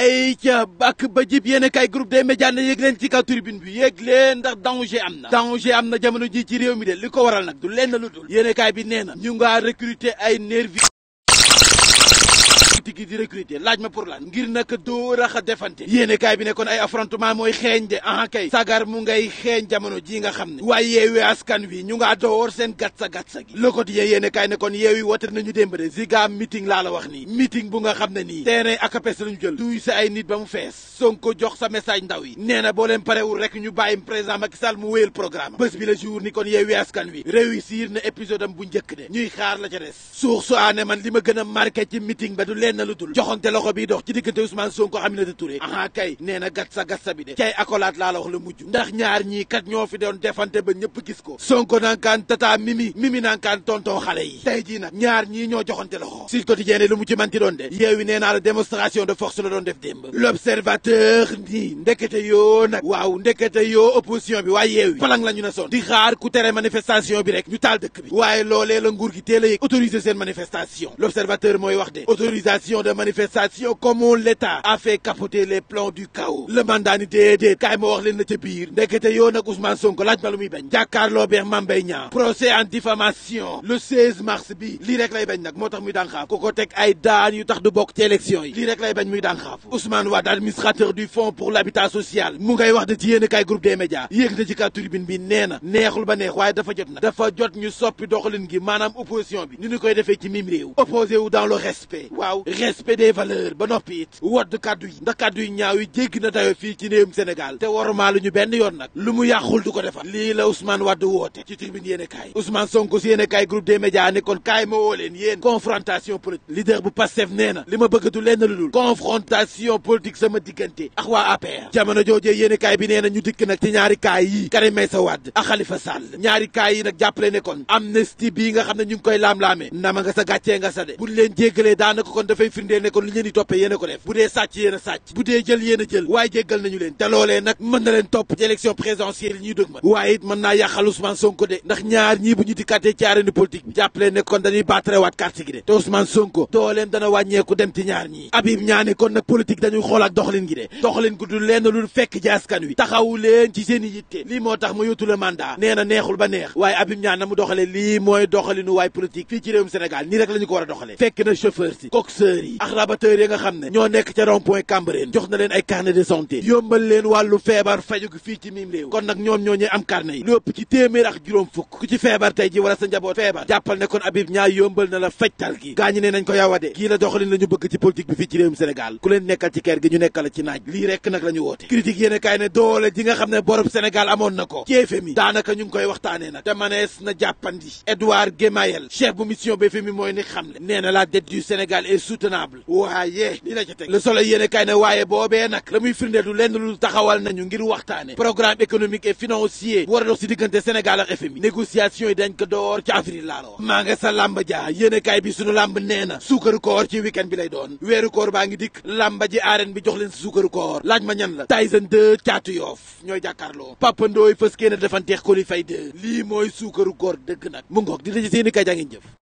ay ca bàkk ba jib yéen kay groupe des na ne leen ci kaw tribune bi yéeg leen ndax danger am na danger am na jamono ji ci réew mi de li ko waral nag du lenn lu dul yéen bi nee na ñu ngaa recruter ay nervi politique yi di laaj ma pour lan ngir naka doo rax a defante yéene bi ne kon ay affrontement mooy xeeñ de ah kay sagar mu ngay xeeñ jamono ji nga xam ne waaye yeewi askan wi ñu ngaa door seen gatsa gatsa gi le quotidien yéene kaay ne kon yeewi woote nañu démb de ziga meeting laa la wax nii meeting bu nga xam ne nii terrain ak apes lañu jël duy sa ay nit ba mu fees Sonko jox sa message ndaw yi nee na boo leen parewul rek ñu bàyyi président Macky Sall mu wéyal de ñuy xaar la ca des suux su ma gën a marqué ci meeting lenn lu dul joxante loxo bi dox ci diggante Ousmane Sonko Aminata Touré aha kay nee gatsa gatsa bi de kay akolaat laa la wax la mujj ndax ñaar ñi kat ñoo fi doon defante ba ñëpp gis ko Sonko nankaan tata mimi mimi nankaan tonton xale yi tey jii nag ñaar ñi ñoo joxante loxo Sud Quotidien lu mu ci manti doon de yeewi nee la démonstration de force la doon def demb l'observateur ni ndekete yo nak waw ndekete yo opposition bi way yeewi palang la ñu ne soon di xaar ku tere manifestation bi rek ñu taal dëkk bi waaye lolé la nguur gi téle a autoriser seen manifestation l'observateur moy wax dé autorisation L'organisation de manifestations comme l'État a fait capoter les plans du chaos. Le mandat ni déedéet kaay ma wax leen na ca biir ndekete yoo nag Ousmane Sonko laaj ma lu muy bañ jàkkaarloo procès en diffamation le 16 mars bi lii rek lay bañ nag moo tax muy dànxaaf ku ko teg ay daan yu tax du bokk ci élection yi lii rek lay bañ muy Ousmane Wade administrateur du fonds pour l'habitat social mu ngay wax ne ci groupe des médias yéeg na ci kaw tribune bi nee na neexul ba neex waaye dafa jot nag dafa jot ñu soppi doxalin gi opposition bi ni ñu koy defee ci mim réew opposé wu dans le respect waaw respect des valeurs ba noppi it wodd kàddu yi ndax kàddu yi ñaaw yi jéggi na dayo fii ci néewum Sénégal te wormaalu ñu benn yoon nag lu mu yàqul du ko defar lii la Ousmane Wade woote ci tribune yéene kaay Ousmane Sonko si yéene kaay groupe des médias ne kon kaay ma woo leen yéen confrontation politique leader bu Pastef nee na li ma bëgg du lenn lu dul confrontation politique sama diggante ak waa APR jamono joojee yéene kaay bi nee na ñu dikk nag ci ñaari kaay yi Karim sa Wade ak Khalifa Sall ñaari kaay yi nag jàppale ne kon amnistie bii nga xam ne ñu ngi koy laam-laamee nama nga nga sa de buñ leen jéggalee daanaka kon dafay firndee ne kon li ngeen di toppee yéen ko def budé sacc yene sacc budé jël yene jël way jéggal nañu leen té lolé nak mën na leen top ci élection présidentielle yi ñuy dëg ma waaye it mën naa yàqal Ousmane Sonko dé ndax ñaar ñi bu ñu katé ci arène politique bi jàpp leen ne kon dañuy baatarewaat carte gi dé té Ousmane Sonko to leen dana wañé wàññeeku dem ci ñaar ñi Habib ñaane kon nak politique dañuy xol ak doxalin gi dé doxalin gu dul leen lu fekk ji askan wi taxawu leen ci seen i li motax moo tax mu yóotu le mandat néna na neexul ba neex waaye Habib ñaan na mu li moy mooy doxalinu way politique fi ci réewum Sénégal ni rek lañu ko wara doxalé fekk na chauffeur ci coxeur rabateurs yi ak rabateurs yi nga xam ne ñoo nekk ca rond point jox na leen ay carnet de santé yombal leen wàllu feebar faju gi fii ci miim kon nag ñoom ñoo ñee am carnet yi lu ëpp ci téeméer ak juróom fukk ku ci feebar tey ji wala sa njaboot feebar jàppal ne kon Habib Niang yombal na la fejtal gi gaa ñi ne nañ ko yawade kii la doxalin la bëgg ci politique bi fii ci Sénégal ku leen nekkal ci kër gi ñu nekkal ci naaj lii rekk nag la woote critique yéen intenable waaye li la ca teg le soleil yene kay na waye bobé nak lamuy muy firnde du lenn lu taxawal nañu ngir waxtaane programme économique et financier bu war a dox si diggante Sénégal ak FMI négociation yi dañ ko door ci avril la wax ma nga sa làmb ja yene kay bi suñu lamb néna na koor ci weekend bi lay doon wéru koor ba ngi dik làmba ji aren bi jox leen si koor laaj ma ñan la Tyson 2 caatu yof ñoy jakarlo Papa Ndoy fës kee na defanteex Coly Faye 2 lii mooy suukaru koor deug nak mu ngok di la ci seen kay jangi ngeen jëf